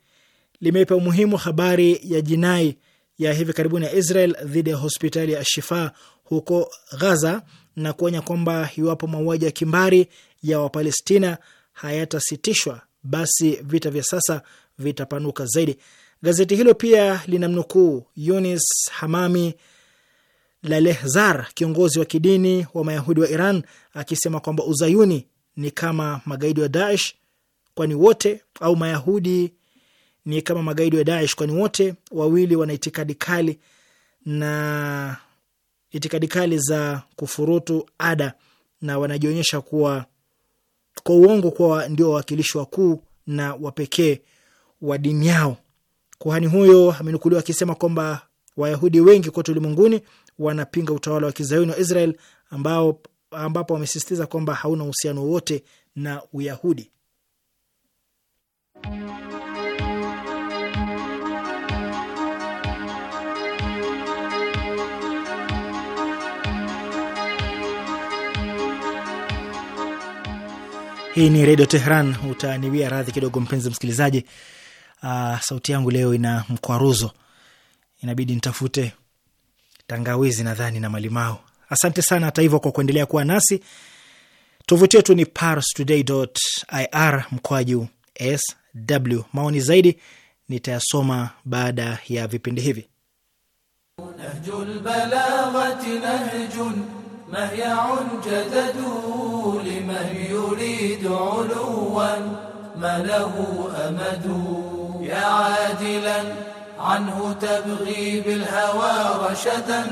S2: limeipa umuhimu habari ya jinai ya hivi karibuni ya Israel dhidi ya hospitali ya Ashifa huko Ghaza na kuonya kwamba iwapo mauaji ya kimbari ya Wapalestina hayatasitishwa basi vita vya sasa vitapanuka zaidi. Gazeti hilo pia lina mnukuu Yunis Hamami Lalehzar, kiongozi wa kidini wa Mayahudi wa Iran, akisema kwamba uzayuni ni kama magaidi wa Daesh, kwani wote au Mayahudi ni kama magaidi wa Daesh, kwani wote wawili wana itikadi kali na itikadi kali za kufurutu ada na wanajionyesha kuwa kwa uongo kuwa ndio wawakilishi wakuu na wapekee wa dini yao. Kuhani huyo amenukuliwa akisema kwamba Wayahudi wengi kote ulimwenguni wanapinga utawala wa kizayuni wa Israel ambao, ambapo wamesisitiza kwamba hauna uhusiano wowote na Uyahudi. Hii ni Redio Tehran. Utaniwia radhi kidogo, mpenzi msikilizaji. Uh, sauti yangu leo ina mkwaruzo, inabidi nitafute tangawizi nadhani na malimao. Asante sana hata hivyo kwa kuendelea kuwa nasi. Tovuti yetu ni parstoday.ir mkwaju sw. Maoni zaidi nitayasoma baada ya vipindi hivi.
S6: Nahjul nahjun مهيع جدد لمن يريد علوا ما له أمد يا عادلا عنه تبغي بالهوى رشدا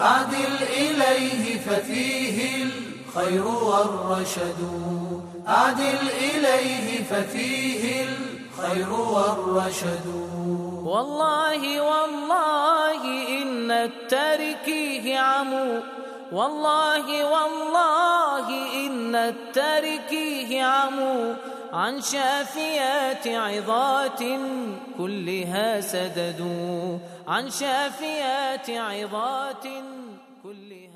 S6: أعدل إليه ففيه الخير والرشد أعدل إليه ففيه الخير والرشد والله والله إن التاركيه عمو والله والله إن التاركيه عمو عن شافيات عظات كلها سددوا عن شافيات عظات كلها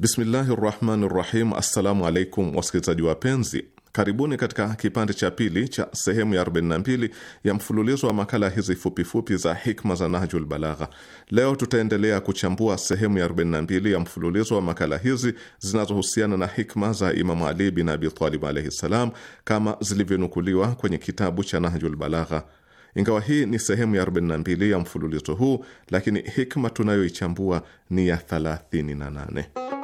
S4: Bismillahi rahmani rahim. Assalamu alaikum wasikilizaji wapenzi, karibuni katika kipande cha pili cha sehemu ya 42 ya mfululizo wa makala hizi fupifupi za hikma za Nahjul Balagha. Leo tutaendelea kuchambua sehemu ya 42 ya mfululizo wa makala hizi zinazohusiana na hikma za Imamu Ali bin Abi Talib alaihi ssalam, kama zilivyonukuliwa kwenye kitabu cha Nahjul Balagha. Ingawa hii ni sehemu ya 42 ya mfululizo huu, lakini hikma tunayoichambua ni ya 38.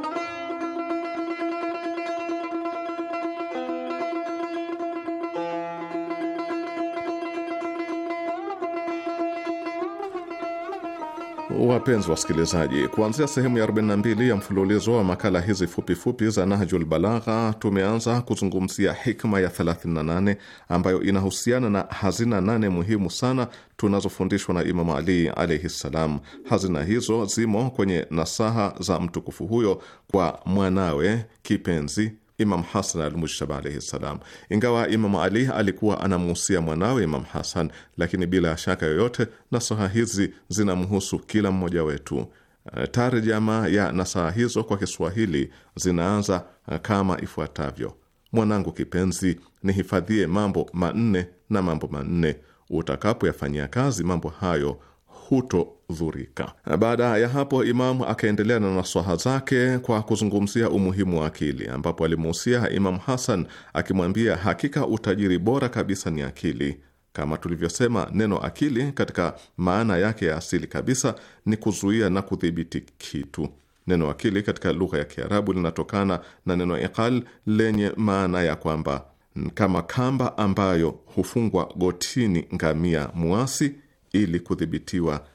S4: Wapenzi wasikilizaji, kuanzia sehemu ya 42 ya mfululizo wa makala hizi fupifupi fupi za Nahjul Balagha tumeanza kuzungumzia hikma ya 38 ambayo inahusiana na hazina nane muhimu sana tunazofundishwa na Imamu Ali alaihi ssalam. Hazina hizo zimo kwenye nasaha za mtukufu huyo kwa mwanawe kipenzi Imam Hasan Almujtaba alaihi ssalam. Ingawa Imam Ali alikuwa anamuhusia mwanawe Imam Hasan, lakini bila shaka yoyote nasaha hizi zinamhusu kila mmoja wetu. Eh, tarjama ya nasaha hizo kwa Kiswahili zinaanza eh, kama ifuatavyo: Mwanangu kipenzi, nihifadhie mambo manne na mambo manne, utakapoyafanyia kazi mambo hayo hutodhurika. Baada ya hapo, Imamu akaendelea na naswaha zake kwa kuzungumzia umuhimu wa akili, ambapo alimuhusia Imamu Hasan akimwambia, hakika utajiri bora kabisa ni akili. Kama tulivyosema, neno akili katika maana yake ya asili kabisa ni kuzuia na kudhibiti kitu. Neno akili katika lugha ya Kiarabu linatokana na neno iqal lenye maana ya kwamba kama kamba ambayo hufungwa gotini ngamia muasi ili kudhibitiwa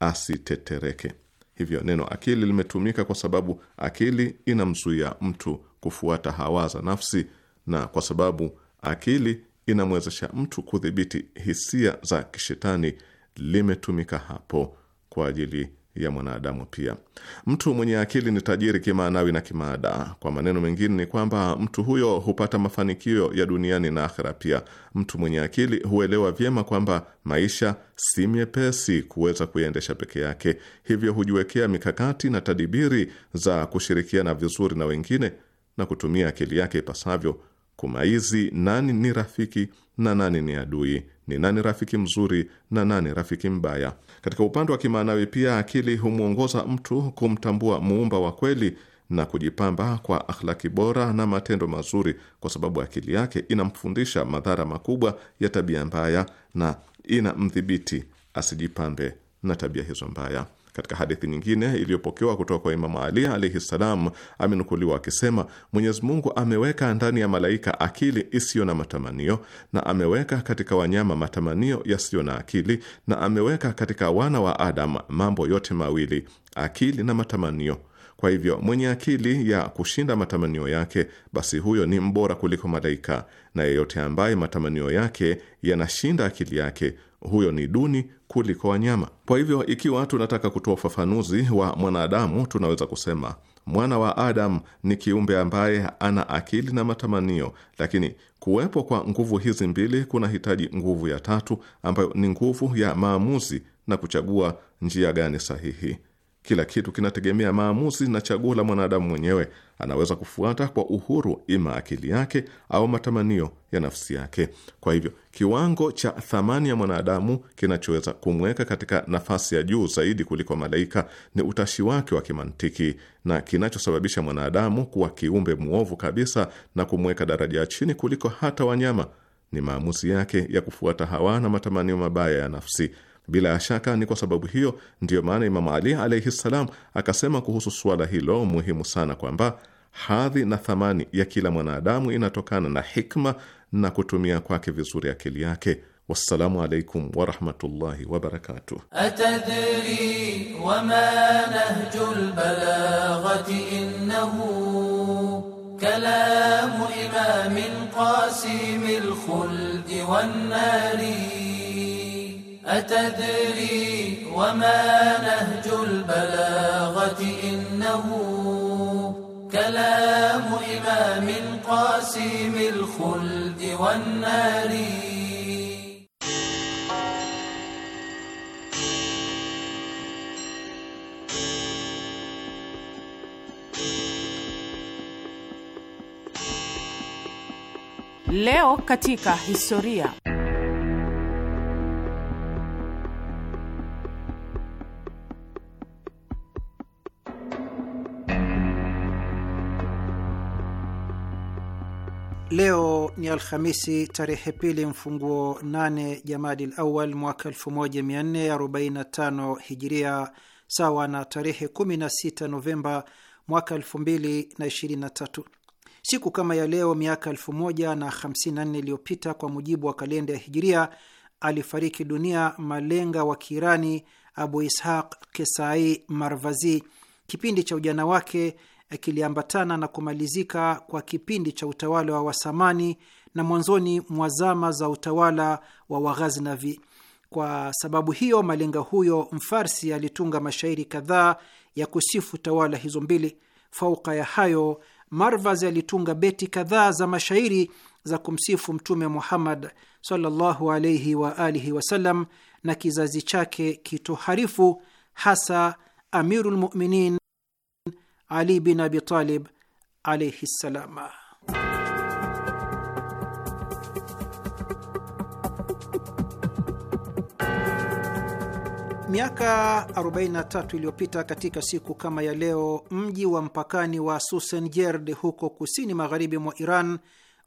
S4: asitetereke. Hivyo neno akili limetumika kwa sababu akili inamzuia mtu kufuata hawa za nafsi, na kwa sababu akili inamwezesha mtu kudhibiti hisia za kishetani, limetumika hapo kwa ajili ya mwanadamu pia. Mtu mwenye akili ni tajiri kimaanawi na kimaada. Kwa maneno mengine, ni kwamba mtu huyo hupata mafanikio ya duniani na akhera pia. Mtu mwenye akili huelewa vyema kwamba maisha si myepesi kuweza kuyaendesha peke yake, hivyo hujiwekea mikakati na tadibiri za kushirikiana vizuri na wengine na kutumia akili yake ipasavyo kumaizi nani ni rafiki na nani ni adui, ni nani rafiki mzuri na nani rafiki mbaya. Katika upande wa kimaanawi pia, akili humwongoza mtu kumtambua muumba wa kweli na kujipamba kwa akhlaki bora na matendo mazuri, kwa sababu akili yake inamfundisha madhara makubwa ya tabia mbaya na inamdhibiti asijipambe na tabia hizo mbaya. Katika hadithi nyingine iliyopokewa kutoka kwa Imamu Ali alaihi ssalam, amenukuliwa akisema Mwenyezi Mungu ameweka ndani ya malaika akili isiyo na matamanio, na ameweka katika wanyama matamanio yasiyo na akili, na ameweka katika wana wa Adam mambo yote mawili, akili na matamanio. Kwa hivyo mwenye akili ya kushinda matamanio yake, basi huyo ni mbora kuliko malaika, na yeyote ambaye matamanio yake yanashinda akili yake, huyo ni duni kuliko wanyama. Kwa hivyo, ikiwa tunataka kutoa ufafanuzi wa mwanadamu, tunaweza kusema mwana wa Adamu ni kiumbe ambaye ana akili na matamanio, lakini kuwepo kwa nguvu hizi mbili kunahitaji nguvu ya tatu ambayo ni nguvu ya maamuzi na kuchagua njia gani sahihi. Kila kitu kinategemea maamuzi na chaguo la mwanadamu mwenyewe. Anaweza kufuata kwa uhuru ima akili yake au matamanio ya nafsi yake. Kwa hivyo, kiwango cha thamani ya mwanadamu kinachoweza kumweka katika nafasi ya juu zaidi kuliko malaika ni utashi wake wa kimantiki, na kinachosababisha mwanadamu kuwa kiumbe mwovu kabisa na kumweka daraja ya chini kuliko hata wanyama ni maamuzi yake ya kufuata hawa na matamanio mabaya ya nafsi bila shaka ni kwa sababu hiyo ndiyo maana Imamu Ali alaihi ssalam akasema kuhusu suala hilo muhimu sana kwamba hadhi na thamani ya kila mwanadamu inatokana na hikma na kutumia kwake vizuri akili yake. Wassalamu alaikum warahmatullahi wabarakatuh.
S6: Atadri wama nahjul balaghati innahu kalamu imamin qasimil khuldi wan أتدري وما نهج البلاغة إنه كلام إمام قاسم الخلد والنار
S3: Leo katika historia.
S7: Leo ni Alhamisi tarehe pili mfunguo 8 Jamadil Awal mwaka 1445 Hijiria, sawa na tarehe 16 Novemba mwaka 2023. Siku kama ya leo miaka 1054 iliyopita kwa mujibu wa kalenda ya Hijiria alifariki dunia malenga wa Kiirani Abu Ishaq Kesai Marvazi. Kipindi cha ujana wake kiliambatana na kumalizika kwa kipindi cha utawala wa Wasamani na mwanzoni mwa zama za utawala wa Waghaznavi. Kwa sababu hiyo, malenga huyo Mfarsi alitunga mashairi kadhaa ya kusifu tawala hizo mbili. Fauka ya hayo, Marvaz alitunga beti kadhaa za mashairi za kumsifu Mtume Muhammad sallallahu wa alihi wasallam na kizazi chake kitoharifu, hasa amirulmuminin ali bin Abi Talib alaihi ssalam. Miaka 43 iliyopita katika siku kama ya leo, mji wa mpakani wa Susenjerd huko kusini magharibi mwa Iran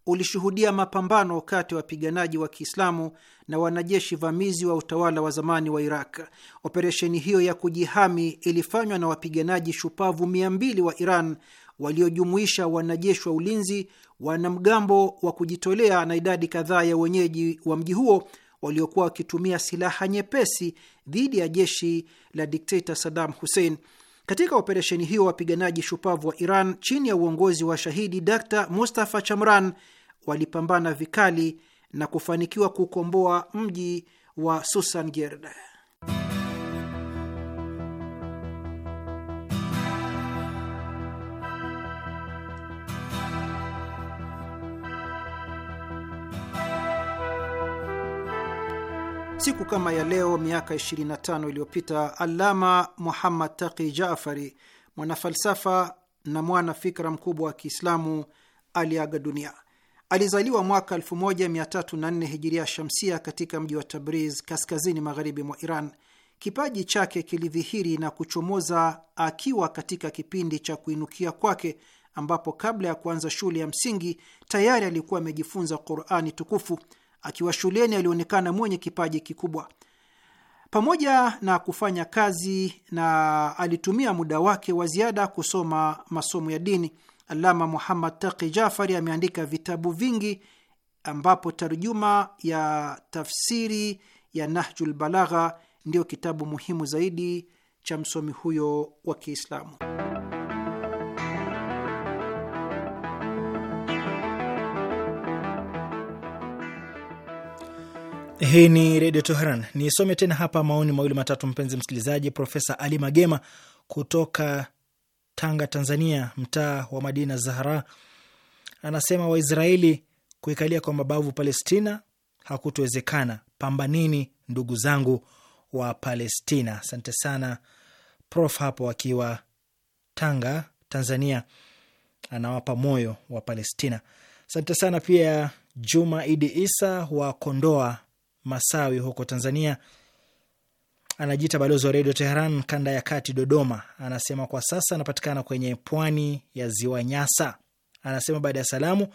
S7: ulishuhudia mapambano kati ya wapiganaji wa Kiislamu na wanajeshi vamizi wa utawala wa zamani wa Iraq. Operesheni hiyo ya kujihami ilifanywa na wapiganaji shupavu mia wa Iran waliojumuisha wanajeshi wa ulinzi, wanamgambo wa kujitolea na idadi kadhaa ya wenyeji wa mji huo waliokuwa wakitumia silaha nyepesi dhidi ya jeshi la dikteta Saddam Hussein. Katika operesheni hiyo, wapiganaji shupavu wa Iran chini ya uongozi wa shahidi Dr Mustafa Chamran walipambana vikali na kufanikiwa kukomboa mji wa Susangird. Siku kama ya leo miaka 25 iliyopita Allama Muhammad Taqi jafari mwanafalsafa na mwana fikra mkubwa wa Kiislamu, aliaga dunia. Alizaliwa mwaka 1304 hijiria shamsia katika mji wa Tabriz, kaskazini magharibi mwa Iran. Kipaji chake kilidhihiri na kuchomoza akiwa katika kipindi cha kuinukia kwake, ambapo kabla ya kuanza shule ya msingi tayari alikuwa amejifunza Qurani tukufu. Akiwa shuleni alionekana mwenye kipaji kikubwa. Pamoja na kufanya kazi, na alitumia muda wake wa ziada kusoma masomo ya dini. Alama Muhammad Taqi Jafari ameandika vitabu vingi ambapo tarjuma ya tafsiri ya Nahjul Balagha ndiyo kitabu muhimu zaidi cha msomi huyo wa Kiislamu.
S2: Hii ni Redio Teheran. Nisome tena hapa maoni mawili matatu, mpenzi msikilizaji. Profesa Ali Magema kutoka Tanga, Tanzania, mtaa wa Madina Zahra, anasema Waisraeli kuikalia kwa mabavu Palestina hakutowezekana. Pambanini ndugu zangu wa Palestina. Asante sana Prof hapo akiwa Tanga, Tanzania, anawapa moyo wa Palestina. Asante sana pia Juma Idi Isa wa Kondoa Masawi huko Tanzania anajiita balozi wa redio Teheran kanda ya kati Dodoma, anasema kwa sasa anapatikana kwenye pwani ya ziwa Nyasa. Anasema baada ya salamu,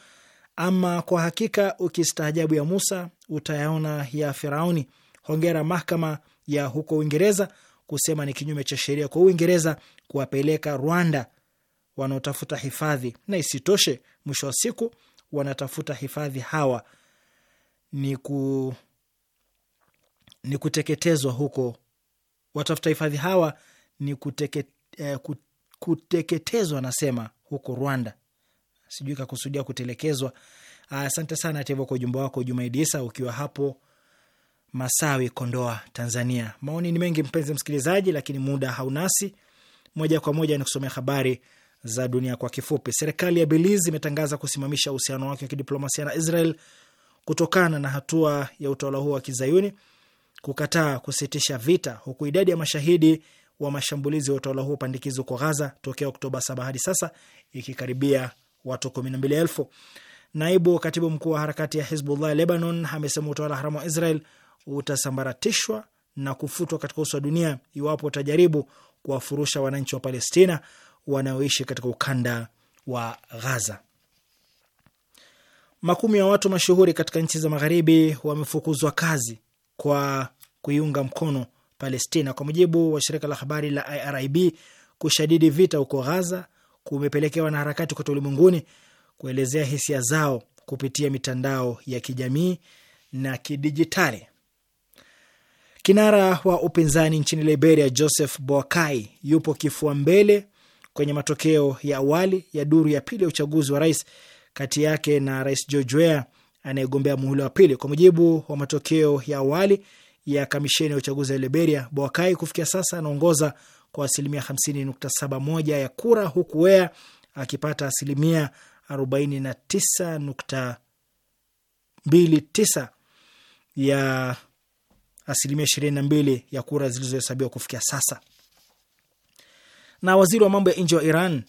S2: ama kwa hakika ukistaajabu ya Musa utayaona ya Firauni. Hongera mahakama ya huko Uingereza kusema ni kinyume cha sheria kwa Uingereza kuwapeleka Rwanda wanaotafuta hifadhi, na isitoshe mwisho wa siku wanatafuta hifadhi hawa ni, ku, ni kuteketezwa huko watafuta hifadhi hawa ni kuteke, eh, kuteketezwa nasema huko Rwanda. Sijui kakusudia kutelekezwa. Asante sana hata kwa ujumbe wako Jumaidisa, ukiwa hapo Masawi, Kondoa, Tanzania. Maoni ni mengi mpenzi msikilizaji, lakini muda haunasi. Moja kwa moja ni kusomea habari za dunia kwa kifupi. Serikali ya Belize imetangaza kusimamisha uhusiano wake wa kidiplomasia na Israel kutokana na hatua ya utawala huo wa kizayuni kukataa kusitisha vita, huku idadi ya mashahidi wa mashambulizi ya utawala huo pandikizo kwa Gaza tokea Oktoba 7 hadi sasa ikikaribia watu 12,000. Naibu katibu mkuu wa harakati ya Hizbullah ya Lebanon amesema utawala haramu wa Israel utasambaratishwa na kufutwa katika uso wa dunia iwapo utajaribu kuwafurusha wananchi wa Palestina wanaoishi katika ukanda wa Gaza. Makumi ya watu mashuhuri katika nchi za magharibi wamefukuzwa kazi kwa kuiunga mkono Palestina. Kwa mujibu wa shirika la habari la IRIB, kushadidi vita huko Ghaza kumepelekea wanaharakati kote ulimwenguni kuelezea hisia zao kupitia mitandao ya kijamii na kidijitali. Kinara wa upinzani nchini Liberia, Joseph Boakai, yupo kifua mbele kwenye matokeo ya awali ya duru ya pili ya uchaguzi wa rais kati yake na Rais George Weah anayegombea muhula wa pili. Kwa mujibu wa matokeo ya awali ya kamisheni ya uchaguzi ya Liberia, Boakai kufikia sasa anaongoza kwa asilimia 50.71 ya kura huku Wea akipata asilimia 49.29 ya asilimia 22 ya kura zilizohesabiwa kufikia sasa. Na waziri wa mambo ya nje wa Iran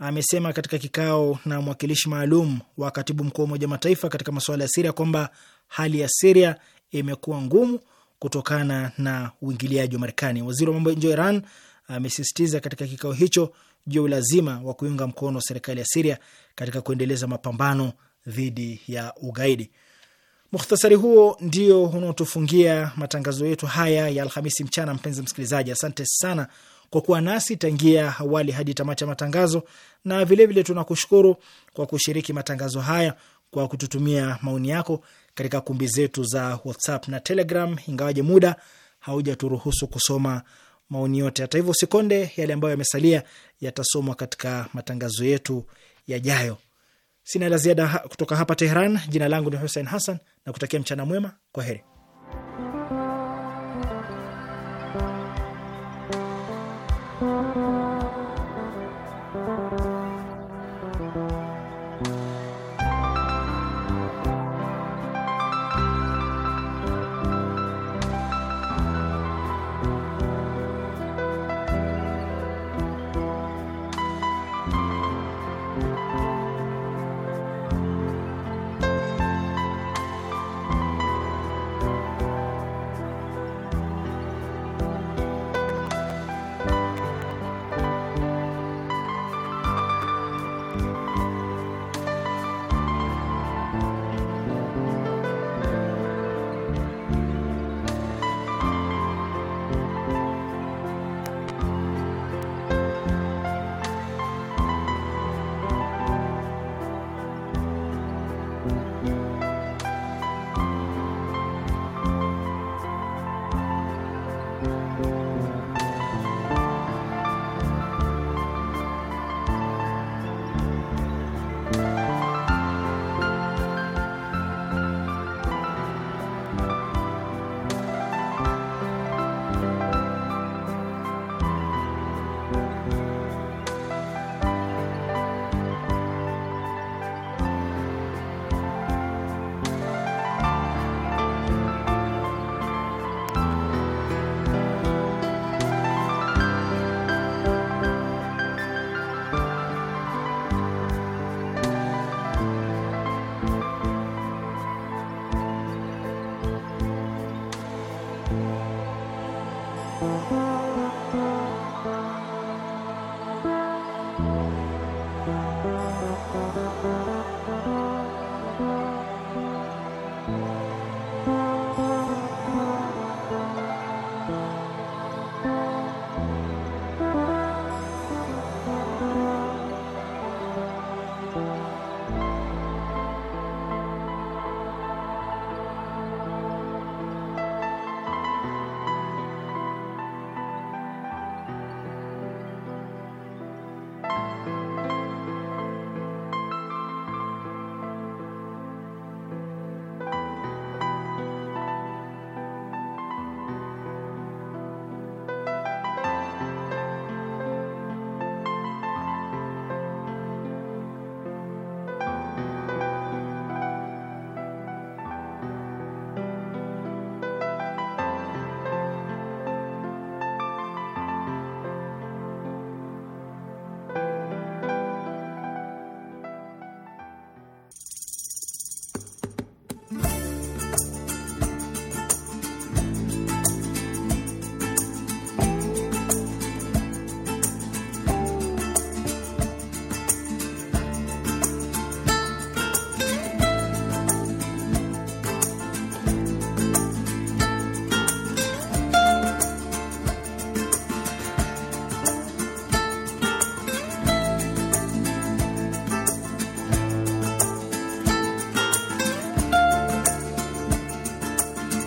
S2: amesema katika kikao na mwakilishi maalum wa katibu mkuu wa Umoja wa Mataifa katika masuala ya Siria kwamba hali ya Siria imekuwa ngumu kutokana na uingiliaji wa Marekani. Waziri wa mambo ya nje wa Iran amesisitiza katika kikao hicho juu lazima wa kuiunga mkono serikali ya Siria katika kuendeleza mapambano dhidi ya ugaidi. Mukhtasari huo ndio unaotufungia matangazo yetu haya ya Alhamisi mchana. Mpenzi msikilizaji, asante sana kwa kuwa nasi tangia awali hadi tamati ya matangazo, na vilevile vile tunakushukuru kwa kushiriki matangazo haya kwa kututumia maoni yako katika kumbi zetu za WhatsApp na Telegram, ingawaje muda haujaturuhusu kusoma maoni yote. Hata hivyo, sikonde yale ambayo yamesalia yatasomwa katika matangazo yetu yajayo. Sina la ziada kutoka hapa Tehran. Jina langu ni Hussein Hassan na kutakia mchana mwema. Kwa heri.